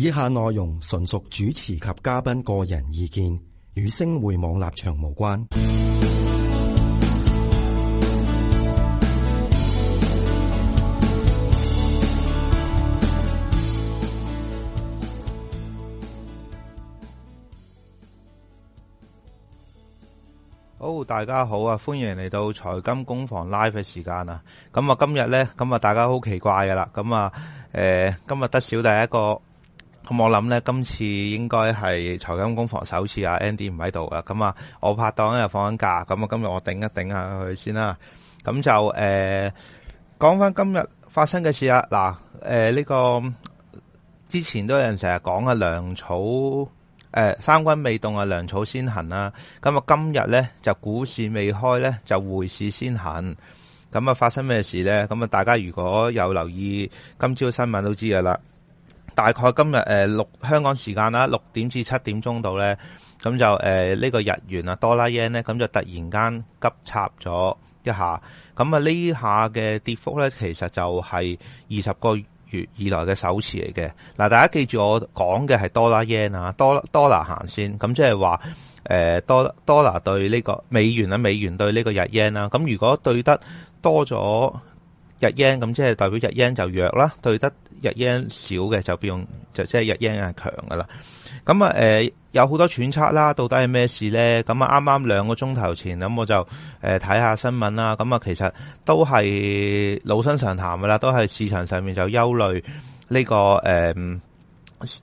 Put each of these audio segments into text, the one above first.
以下內容純屬主持及嘉賓個人意見，與星匯網立場無關。好，大家好啊，歡迎嚟到財金工房 live 嘅時間啊！咁啊，今日咧，咁啊，大家好奇怪噶啦，咁啊，誒，今日得小弟一個。咁我諗咧，今次應該係財金工房首次啊，Andy 唔喺度啊，咁啊，我拍檔又放緊假，咁啊，今日我頂一頂下佢先啦。咁就誒，講翻今日發生嘅事啊，嗱，誒，呢個之前都有人成日講啊，糧草誒，三軍未動啊，糧草先行啦。咁啊，今日咧就股市未開咧，就匯市先行。咁啊，發生咩事咧？咁啊，大家如果有留意今朝嘅新聞都知噶啦。大概今日六、呃、香港時間啦，六點至七點鐘度咧，咁就呢、呃呢個日元啊，多啦 yen 咧，咁就突然間急插咗一下，咁啊呢下嘅跌幅咧，其實就係二十個月以來嘅首次嚟嘅。嗱，大家記住我講嘅係多啦 yen 啊，多多啦行先，咁即係話誒多多啦對呢個美元啊，美元對呢個日 yen 啦，咁如果對得多咗日 yen，咁即係代表日 yen 就弱啦，對得。日圓少嘅就變就即係日圓 e 強係強噶啦，咁啊誒有好多揣測啦，到底係咩事咧？咁啊啱啱兩個鐘頭前，咁我就誒睇下新聞啦。咁啊其實都係老生常談噶啦，都係市場上面就憂慮呢、這個誒誒、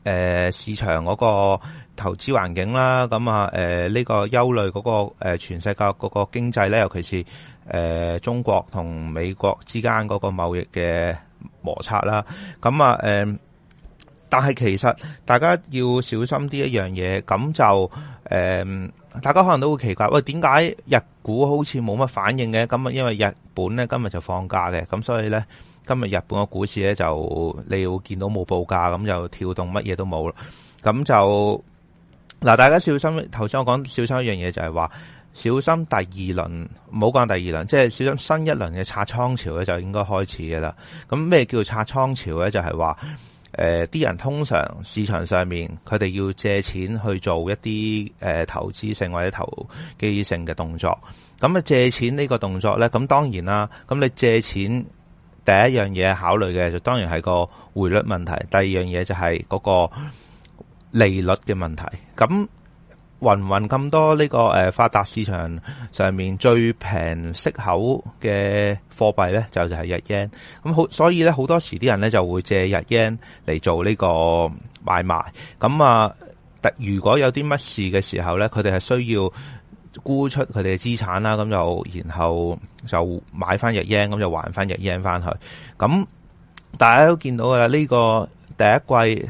呃呃、市場嗰個投資環境啦。咁啊誒呢個憂慮嗰、那個誒、呃、全世界嗰個經濟咧，尤其是誒、呃、中國同美國之間嗰個貿易嘅。摩擦啦，咁啊，誒，但係其實大家要小心啲一樣嘢，咁就，誒，大家可能都會奇怪，喂，點解日股好似冇乜反應？嘅？咁啊，因為日本咧今日就放假嘅，咁所以咧今日日本嘅股市咧就，你要見到冇報價，咁就跳動乜嘢都冇啦，咁就，嗱，大家小心，頭先我講小心一樣嘢就係話。小心第二輪，唔好講第二輪，即係小心新一輪嘅拆倉潮咧就應該開始嘅啦。咁咩叫拆倉潮咧？就係話，誒、呃，啲人通常市場上面，佢哋要借錢去做一啲誒、呃、投資性或者投機性嘅動作。咁啊借錢呢個動作咧，咁當然啦。咁你借錢第一樣嘢考慮嘅就當然係個匯率問題，第二樣嘢就係嗰個利率嘅問題。咁芸芸咁多呢個誒發達市場上面最平息口嘅貨幣咧，就就是、係日元。咁好，所以咧好多時啲人咧就會借日元嚟做呢個買賣。咁啊，如果有啲乜事嘅時候咧，佢哋係需要沽出佢哋嘅資產啦。咁就然後就買翻日元，咁就還翻日元翻去。咁大家都見到啊，呢、這個第一季。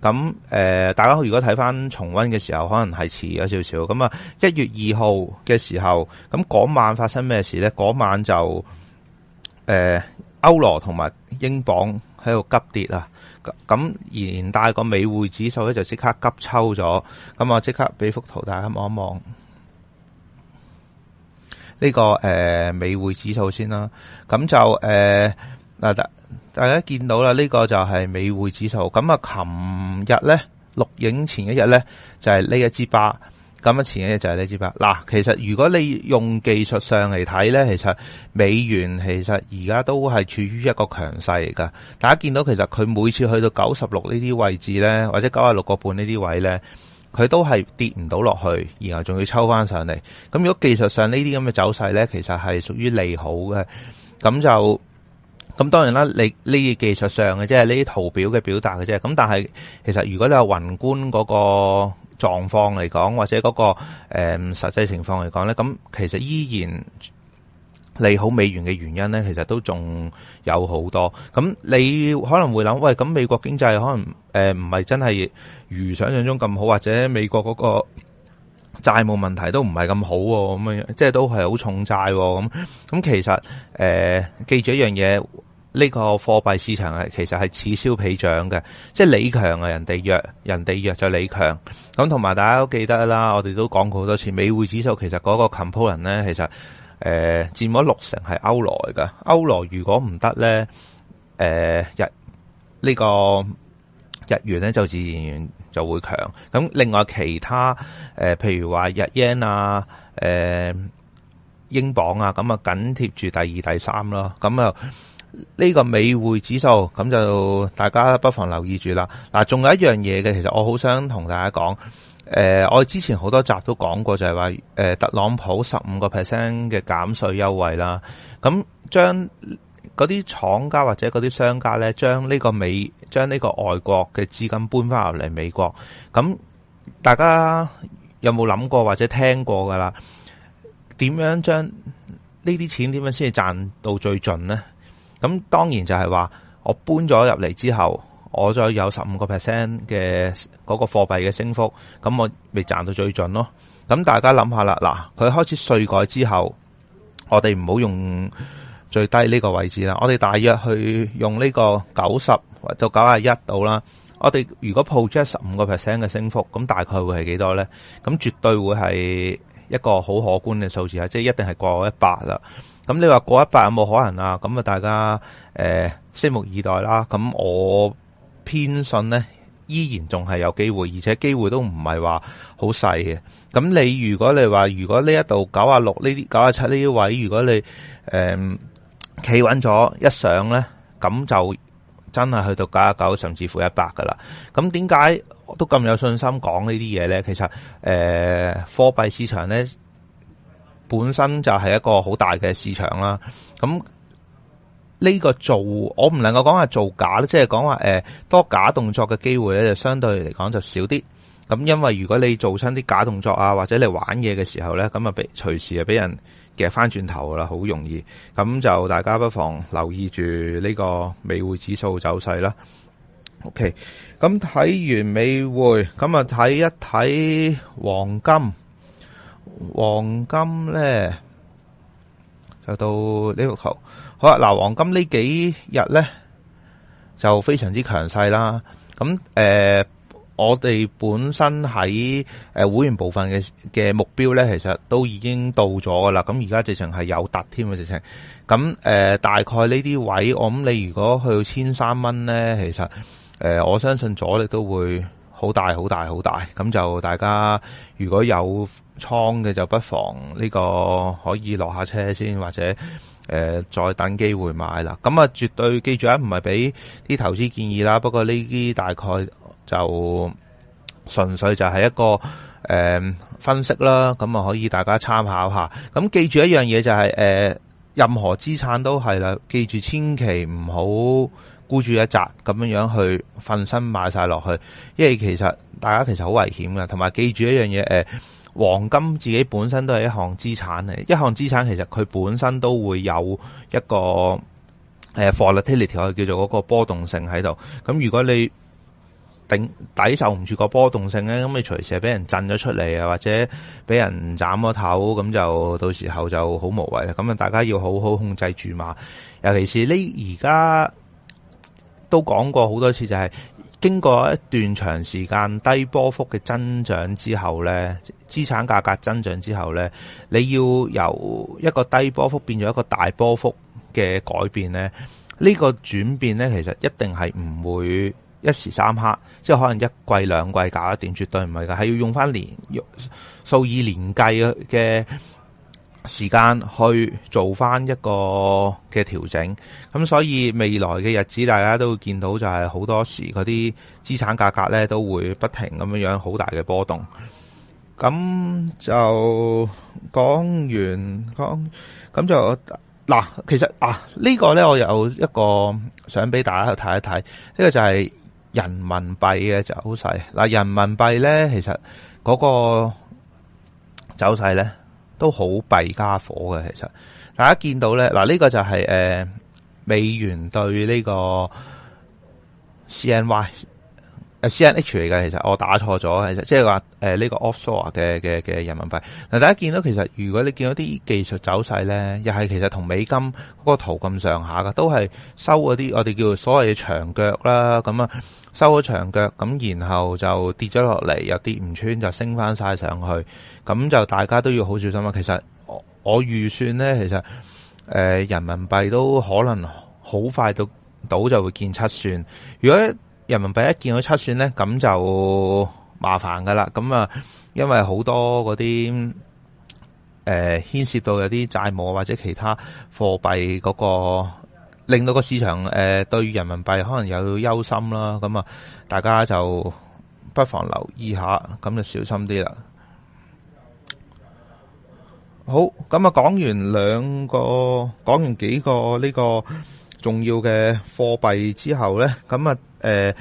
咁誒、呃，大家如果睇翻重温嘅時候，可能係遲咗少少。咁啊，一月二號嘅時候，咁嗰晚發生咩事咧？嗰晚就誒，歐羅同埋英鎊喺度急跌啊！咁咁，連帶個美匯指數咧，就即刻急抽咗。咁啊，即刻俾幅圖大家望一望。呢、這個誒、呃，美匯指數先啦。咁就誒。呃嗱，大大家見到啦，呢個就係美匯指數。咁啊，琴日呢，錄影前一日呢，就係呢一支八。咁啊，前一日就係呢支八。嗱，其實如果你用技術上嚟睇呢，其實美元其實而家都係處於一個強勢嚟噶。大家見到其實佢每次去到九十六呢啲位置呢，或者九十六個半呢啲位呢，佢都係跌唔到落去，然後仲要抽翻上嚟。咁如果技術上呢啲咁嘅走勢呢，其實係屬於利好嘅。咁就咁當然啦，你呢啲技術上嘅，即係呢啲圖表嘅表達嘅啫。咁但係其實如果你有宏觀嗰個狀況嚟講，或者嗰、嗰個誒、嗯、實際情況嚟講咧，咁其實依然利好美元嘅原因咧，其實都仲有好多。咁你可能會諗，喂，咁美國經濟可能誒唔係真係如想象中咁好，或者美國嗰個債務問題都唔係咁好咁樣，即係都係好重債。咁咁其實誒、呃、記住一樣嘢。呢、個貨幣市場其實係此消彼長嘅，即係你強啊，人哋弱，人哋弱就你強。咁同埋大家都記得啦，我哋都講過好多次，美匯指數其實嗰個 component 咧，其實誒、呃、佔咗六成係歐羅嘅。歐羅如果唔得咧，誒、呃、日呢、個日元咧就自然就會強。咁另外其他、呃、譬如話日 yen 啊，呃、英鎊啊，咁啊緊貼住第二、第三咯，咁啊。呢、這個美匯指數咁就大家不妨留意住啦。嗱，仲有一樣嘢嘅，其實我好想同大家講。誒、呃，我之前好多集都講過、就是，就係話，誒，特朗普十五個 percent 嘅減稅優惠啦。咁將嗰啲廠家或者嗰啲商家咧，將呢個美，將呢個外國嘅資金搬翻入嚟美國。咁大家有冇諗過或者聽過噶啦？點樣將呢啲錢點樣先至賺到最盡呢？咁當然就係話，我搬咗入嚟之後，我再有十五個 percent 嘅嗰個貨幣嘅升幅，咁我咪賺到最盡咯。咁大家諗下啦，嗱，佢開始稅改之後，我哋唔好用最低呢個位置啦，我哋大約去用呢個九十或者九十一度啦。我哋如果鋪出十五個 percent 嘅升幅，咁大概會係幾多咧？咁絕對會係，一個好可觀嘅數字啊，即係一定係過一百啦。咁你話過一百有冇可能啊？咁啊，大家誒、呃，拭目以待啦。咁我偏信咧，依然仲係有機會，而且機會都唔係話好細嘅。咁你如果你話如果呢一度九啊六呢啲九啊七呢啲位，如果你誒企、呃、穩咗一上咧，咁就真係去到九啊九，甚至乎一百噶啦。咁點解？都咁有信心講呢啲嘢呢？其實誒、呃，貨幣市場呢本身就係一個好大嘅市場啦。咁呢、呢個做，我唔能夠講話做假即係講話誒多假動作嘅機會呢，就相對嚟講就少啲。咁因為如果你做親啲假動作啊，或者你玩嘢嘅時候呢，咁啊被隨時啊俾人夾翻轉頭啦，好容易。咁就大家不妨留意住呢個美匯指數走勢啦。OK，咁睇完美匯，咁啊睇一睇黃金，黃金咧就到呢個球。好啦，嗱，黃金幾呢幾日咧就非常之強勢啦。咁誒、呃，我哋本身喺誒會員部分嘅嘅目標咧，其實都已經到咗噶啦。咁而家直情係有突添嘅直情。咁誒、呃，大概呢啲位，我諗你如果去到千三蚊咧，其實。誒、呃，我相信阻力都會好大，大、大、好大、好大。咁就大家如果有倉嘅，就不妨呢個可以落下車先，或者誒、呃、再等機會買啦。咁啊，絕對記住啊，唔係俾啲投資建議啦。不過呢啲大概就純粹就係一個誒、呃、分析啦。咁啊，可以大家參考下。咁記住一樣嘢就係、是，誒、呃、任何資產都係啦。記住，千祈唔好。孤注一擲咁樣樣去瞓身買晒落去，因為其實大家其實好危險㗎。同埋記住一樣嘢，誒，黃金自己本身都係一項資產嚟，一項資產其實佢本身都會有一個誒 volatility，我哋叫做嗰個波動性喺度。咁如果你頂抵受唔住個波動性咧，咁你隨時係俾人震咗出嚟啊，或者俾人斬咗頭，咁就到時候就好無謂啦。咁啊，大家要好好控制住嘛，尤其是呢而家。都講過好多次、就係，就係經過一段長時間低波幅嘅增長之後呢，資產價格增長之後呢，你要由一個低波幅變咗一個大波幅嘅改變呢呢、呢個轉變呢，其實一定係唔會一時三刻，即係可能一季兩季搞掂，絕對唔係噶，係要用翻年數以年計嘅時間去做翻一個嘅調整，咁所以未來嘅日子，大家都會見到就係好多時嗰啲資產價格咧都會不停咁樣樣好大嘅波動。咁就講完，講咁就嗱、啊，其實啊呢個咧我有一個想俾大家去睇一睇，呢個就係人民幣嘅走勢。嗱、啊，人民幣咧其實嗰個走勢咧。都好弊家伙嘅，其實大家見到咧，嗱、這、呢個就係誒美元對呢個 CNY 誒 CNH 嚟嘅，其實我打錯咗，其實即係話誒呢個 offshore 嘅嘅嘅人民幣。嗱，大家見到其實如果你見到啲技術走勢咧，又係其實同美金嗰個圖咁上下嘅，都係收嗰啲我哋叫做所謂嘅長腳啦，咁啊。收咗長腳，咁然後就跌咗落嚟，又跌唔穿，就升翻晒上去，咁就大家都要好小心啊！其實我預算呢，其實誒、呃、人民幣都可能好快到到就會見七算。如果人民幣一見到七算呢，咁就麻煩噶啦。咁啊，因為好多嗰啲誒牽涉到有啲債務或者其他貨幣嗰個。令到個市場誒對人民幣可能有憂心啦，咁啊大家就不妨留意下，咁就小心啲啦。好，咁啊講完兩個，講完幾個呢個重要嘅貨幣之後咧，咁啊誒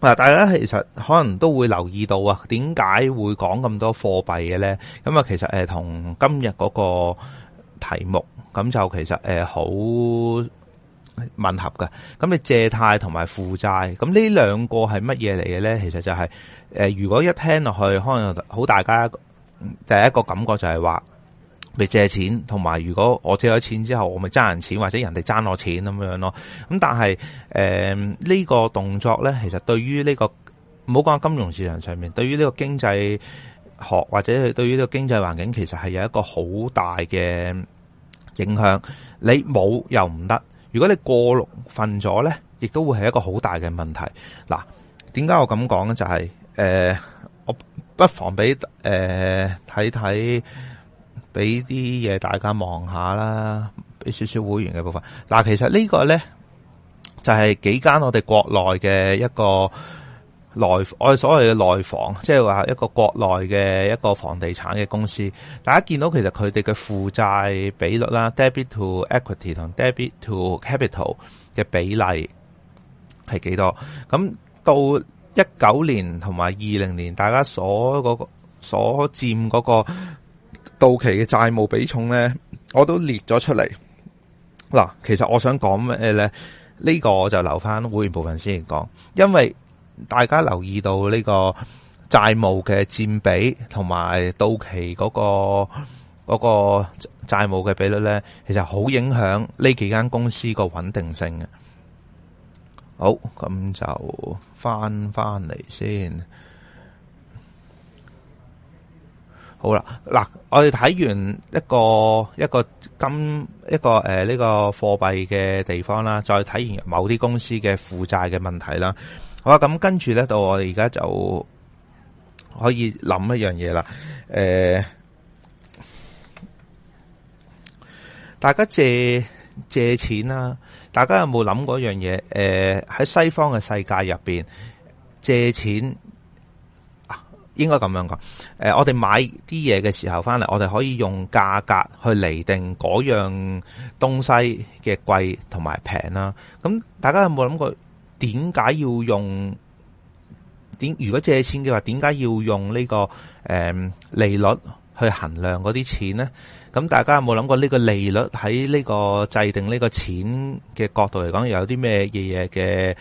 嗱，大家其實可能都會留意到啊，點解會講咁多貨幣嘅咧？咁啊，其實誒同今日嗰個。題目咁就其實誒好吻合噶，咁你借貸同埋負債，咁呢兩個係乜嘢嚟嘅咧？其實就係、是、誒、呃，如果一聽落去，可能好大家第一個感覺就係話，你借錢，同埋如果我借咗錢之後，我咪爭人錢，或者人哋爭我錢咁樣咯。咁但係誒呢個動作咧，其實對於呢、個唔好講金融市場上面，對於呢個經濟。學或者係對於呢個經濟環境，其實係有一個好大嘅影響。你冇又唔得，如果你過龍瞓咗咧，亦都會係一個好大嘅問題。嗱，點解我咁講咧？就係誒，我不妨俾誒睇睇，俾啲嘢大家望下啦，俾少少會員嘅部分。嗱，其實呢個咧就係幾間我哋國內嘅一個。內我哋所謂嘅內房，即係話一個國內嘅一個房地產嘅公司，大家見到其實佢哋嘅負債比率啦，debt to equity 同 debt to capital 嘅比例係幾多？咁到一九年同埋二零年，大家所嗰個所佔嗰個到期嘅債務比重咧，我都列咗出嚟。嗱，其實我想講咩咧？呢個我就留翻會員部分先講，因為。大家留意到呢個債務嘅佔比同埋到期嗰個嗰個債務嘅比率呢，其實好影響呢幾間公司個穩定性嘅。好，咁就翻翻嚟先。好啦，嗱，我哋睇完一個一個金一個誒呢個貨幣嘅地方啦，再睇完某啲公司嘅負債嘅問題啦。好啦咁跟住咧，到我哋而家就可以諗一樣嘢啦。誒、呃，大家借借錢啦、啊，大家有冇諗過一樣嘢？誒、呃，喺西方嘅世界入邊借錢，啊、應該咁樣講。誒、呃，我哋買啲嘢嘅時候，翻嚟我哋可以用價格去釐定嗰樣東西嘅貴同埋平啦。咁大家有冇諗過？點解要用點？如果借錢嘅話，點解要用呢個誒利率去衡量嗰啲錢呢？咁大家有冇諗過呢個利率喺呢個制定呢個錢嘅角度嚟講，有啲咩嘢嘢嘅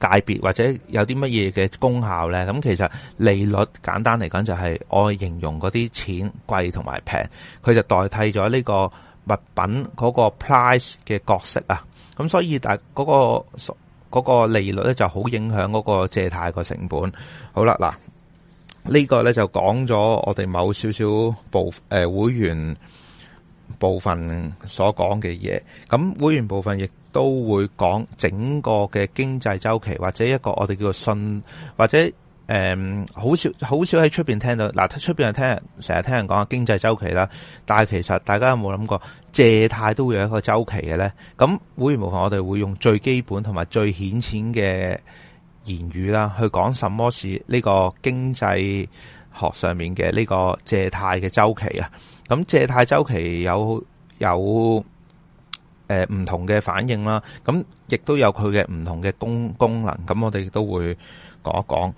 界別，或者有啲乜嘢嘅功效呢？咁其實利率簡單嚟講，就係我形容嗰啲錢貴同埋平，佢就代替咗呢個物品嗰個 price 嘅角色啊。咁所以大嗰個。嗰個利率咧就好影響嗰個借貸個成本。好啦，嗱，呢個咧就講咗我哋某少少部誒會員部分所講嘅嘢。咁會員部分亦都會講整個嘅經濟週期或者一個我哋叫做信或者。誒、嗯，好少好少喺出邊聽到，嗱出邊人聽，成日聽人講經濟周期啦。但係其實大家有冇諗過，借貸都會有一個周期嘅咧？咁會唔會我哋會用最基本同埋最顯淺嘅言語啦，去講什麼是呢個經濟學上面嘅呢個借貸嘅周期啊。咁借貸周期有有誒唔同嘅反應啦，咁亦都有佢嘅唔同嘅功功能。咁我哋都會講一講。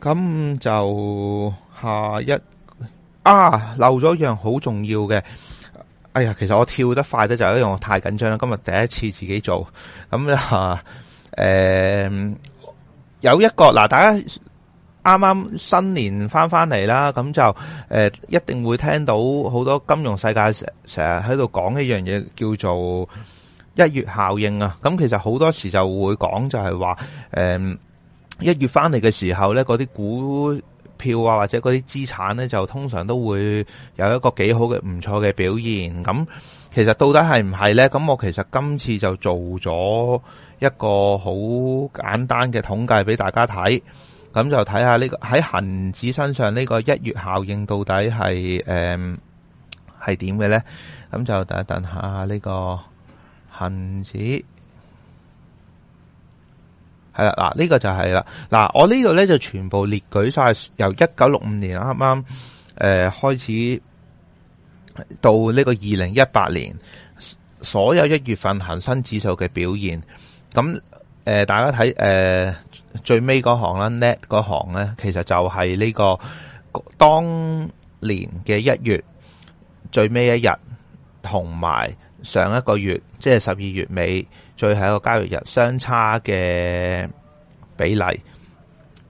咁就下一啊，漏咗一樣好重要嘅，哎呀，其實我跳得快咧，就係因為我太緊張啦。今日第一次自己做，咁啊，誒、呃，有一個嗱，大家啱啱新年翻翻嚟啦，咁就誒、呃，一定會聽到好多金融世界成成日喺度講一樣嘢，叫做一月效應啊。咁其實好多時就會講就係話，誒、呃。一月翻嚟嘅時候呢，嗰啲股票啊或者嗰啲資產呢，就通常都會有一個幾好嘅、唔錯嘅表現。咁其實到底係唔係呢？咁我其實今次就做咗一個好簡單嘅統計俾大家睇，咁就睇下呢個喺恆指身上呢個一月效應到底係誒、係點嘅呢？咁就等一等下呢個恆指。係啦，嗱呢個就係、是、啦，嗱我呢度咧就全部列舉晒由一九六五年啱啱誒開始到呢個二零一八年所有一月份恒生指數嘅表現。咁、呃、誒大家睇誒、呃、最尾嗰行啦，Net 嗰行咧，其實就係呢、這個當年嘅一月最尾一日，同埋上一個月即係十二月尾。最後一個交易日相差嘅比例，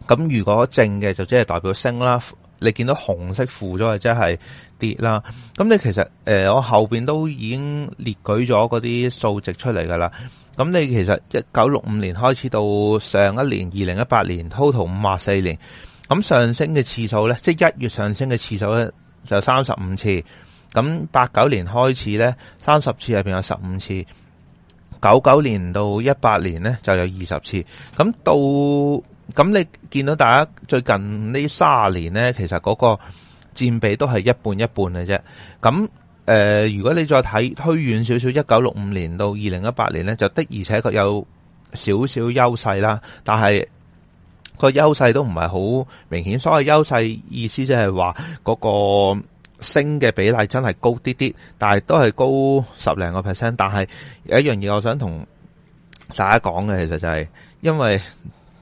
咁如果正嘅就即係代表升啦，你見到紅色負咗嘅即係跌啦。咁你其實、呃、我後面都已經列舉咗嗰啲數值出嚟噶啦。咁你其實一九六五年開始到上一年二零一八年，total 五十四年，咁上升嘅次數咧，即一月上升嘅次數咧，就三十五次。咁八九年開始咧，三十次入面有十五次。九九年到一八年呢就有二十次。咁到咁，你見到大家最近呢卅年呢，其實嗰個佔比都係一半一半嘅啫。咁誒、呃，如果你再睇推遠少少，一九六五年到二零一八年呢，就的而且確有少少優勢啦。但係個優勢都唔係好明顯。所謂優勢意思即係話嗰個。升嘅比例真係高啲啲，但係都係高十零個 percent。但係有一樣嘢，我想同大家講嘅，其實就係，因為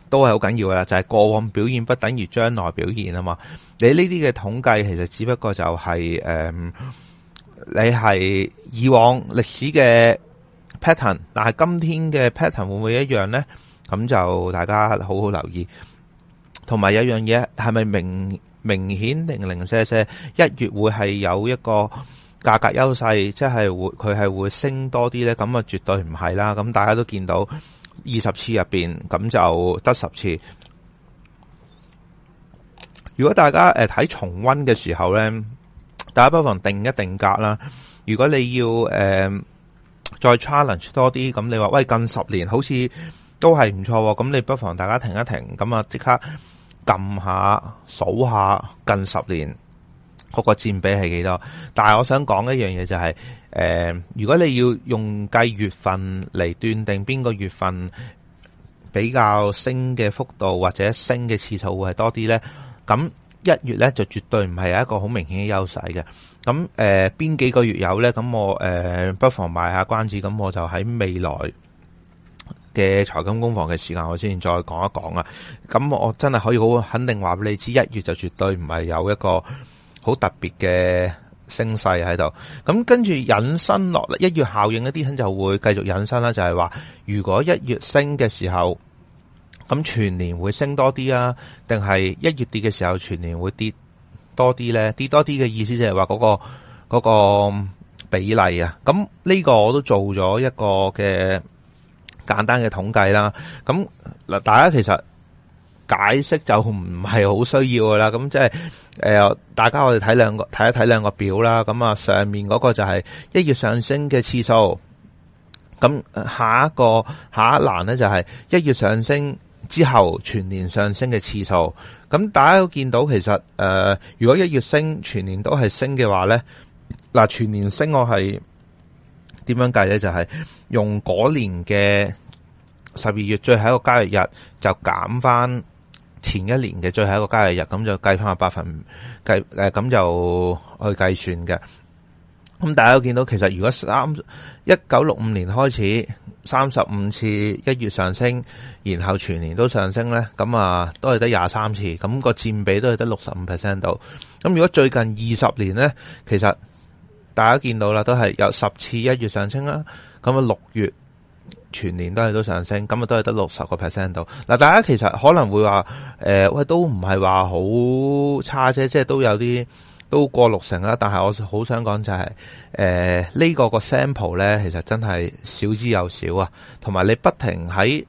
都係好緊要噶啦，就係、是、過往表現不等於將來表現啊嘛。你呢啲嘅統計其實只不過就係、是，誒、嗯，你係以往歷史嘅 pattern，但係今天嘅 pattern 會唔會一樣呢？咁就大家好好留意。同埋有樣嘢，係咪明明顯零零舍舍一月會係有一個價格優勢，即係會佢係會升多啲呢？咁啊，絕對唔係啦！咁大家都見到二十次入邊，咁就得十次。如果大家誒睇、呃、重温嘅時候呢，大家不妨定一定格啦。如果你要誒、呃、再 challenge 多啲，咁你話喂，近十年好似都係唔錯，咁你不妨大家停一停，咁啊即刻。撳下數下近十年嗰、那個佔比係幾多？但係我想講一樣嘢就係、是，誒、呃，如果你要用計月份嚟斷定邊個月份比較升嘅幅度或者升嘅次數會係多啲呢，咁一月呢就絕對唔係一個好明顯嘅優勢嘅。咁誒，邊、呃、幾個月有呢？咁我誒、呃、不妨賣下關子，咁我就喺未來。嘅財金工房嘅時間，我先再講一講啊！咁我真係可以好肯定話俾你知，一月就絕對唔係有一個好特別嘅升勢喺度。咁跟住引申落嚟，一月效應一啲嘢就會繼續引申啦。就係話，如果一月升嘅時候，咁全年會升多啲啊？定係一月跌嘅時候，全年會跌多啲呢？跌多啲嘅意思就係話嗰個嗰個比例啊！咁呢個我都做咗一個嘅簡單嘅統計啦，咁嗱，大家其實解釋就唔係好需要噶啦，咁即係誒、呃，大家我哋睇兩個睇一睇兩個表啦，咁啊，上面嗰個就係一月上升嘅次數，咁下一個下一欄呢，就係一月上升之後全年上升嘅次數，咁大家都見到其實誒、呃，如果一月升全年都係升嘅話呢，嗱全年升我係。點樣計呢？就係、是、用嗰年嘅十二月最後一個交易日，就減翻前一年嘅最後一個交易日，咁就計翻個百分計誒，咁就去計算嘅。咁、嗯、大家都見到其實如果三一九六五年開始三十五次一月上升，然後全年都上升呢，咁啊都係得廿三次，咁個佔比都係得六十五 percent 度。咁、嗯、如果最近二十年呢，其實。大家見到啦，都係有十次一月上升啦，咁啊六月全年都係都上升，咁啊都係得六十個 percent 度。嗱，大家其實可能會話，喂、呃，都唔係話好差啫，即係都有啲都過六成啦。但係我好想講就係、是，呢、呃呢個個 sample 呢，其實真係少之又少啊，同埋你不停喺。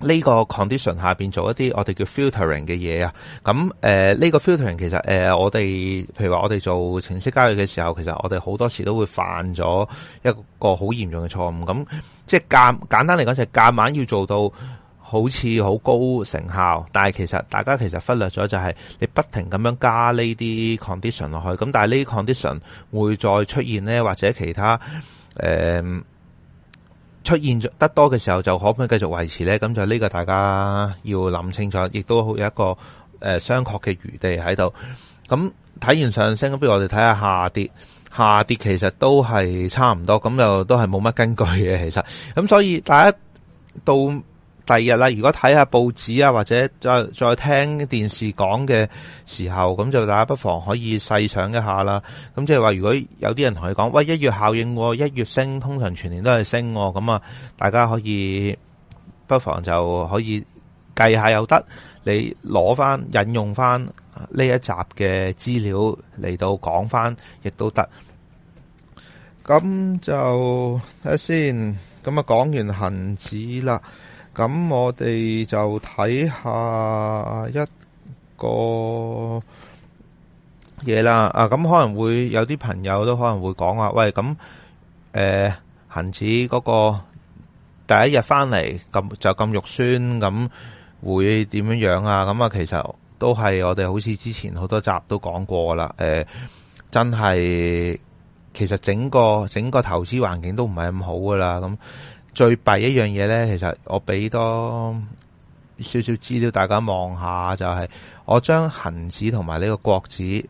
呢、這個 condition 下面做一啲我哋叫 filtering 嘅嘢啊，咁呢個 filtering 其實我哋、呃，譬如話我哋做程式交易嘅時候，其實我哋好多時都會犯咗一個好嚴重嘅錯誤。咁即係簡單嚟講，就係夾硬要做到好似好高成效，但係其實大家其實忽略咗就係你不停咁樣加呢啲 condition 落去，咁但係呢啲 condition 會再出現呢，或者其他、呃出現得多嘅時候，就可唔可以繼續維持呢？咁就呢個大家要諗清楚，亦都有一個誒商榷嘅餘地喺度。咁睇完上升，不如我哋睇下下跌。下跌其實都係差唔多，咁又都係冇乜根據嘅。其實，咁所以大家到。第二日啦，如果睇下報紙啊，或者再再聽電視講嘅時候，咁就大家不妨可以細想一下啦。咁即係話，如果有啲人同你講，喂，一月效應，一月升，通常全年都係升，咁啊，大家可以不妨就可以計下又得，你攞翻引用翻呢一集嘅資料嚟到講翻，亦都得。咁就睇下先，咁啊，就講完恒指啦。咁我哋就睇下一個嘢啦，啊咁，可能會有啲朋友都可能會講話：「喂咁，誒恒指嗰個第一日翻嚟咁就咁肉酸，咁會點樣樣啊？咁啊，其實都係我哋好似之前好多集都講過啦，誒、呃，真係其實整個整個投資環境都唔係咁好噶啦，咁。最弊一樣嘢咧，其實我俾多少少資料大家望下，就係、是、我將恆指同埋呢個國指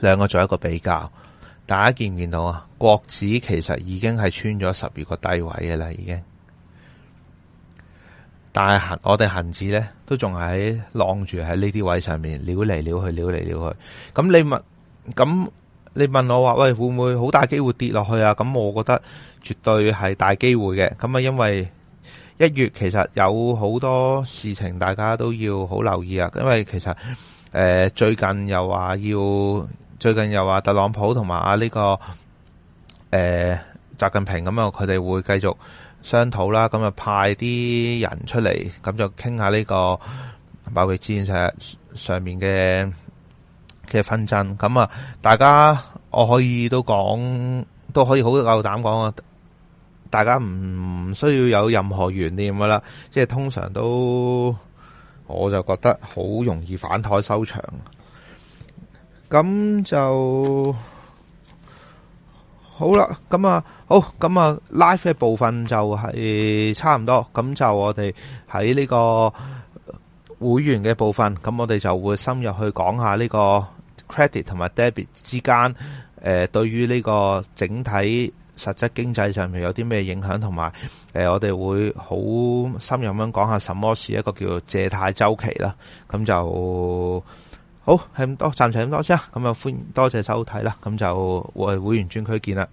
兩個做一個比較，大家見唔見到啊？國指其實已經係穿咗十二個低位嘅啦，已經。但係我哋恆指咧都仲係浪住喺呢啲位上面撩嚟撩去，撩嚟撩去。咁你問咁你問我話，喂會唔會好大機會跌落去啊？咁我覺得。絕對係大機會嘅，咁啊，因為一月其實有好多事情大家都要好留意啊，因為其實誒、呃、最近又話要，最近又話特朗普同埋啊呢個誒呃、習近平咁啊，佢哋會繼續商討啦，咁啊派啲人出嚟，咁就傾下呢個貿易戰上上面嘅嘅紛爭，咁啊，大家我可以都講，都可以好夠膽講啊。大家唔需要有任何懸念噶啦，即係通常都，我就覺得好容易反台收場。咁就好啦，咁啊好，咁啊 live 嘅部分就係差唔多，咁就我哋喺呢個會員嘅部分，咁我哋就會深入去講下呢個 credit 同埋 debit 之間，誒、呃、對於呢個整體。實質經濟上面有啲咩影響，同埋誒我哋會好深入咁講下什麼是一個叫做借貸周期啦。咁就好係咁多，暫時咁多先啊。咁啊，歡多謝收睇啦。咁就會係會員專區見啦。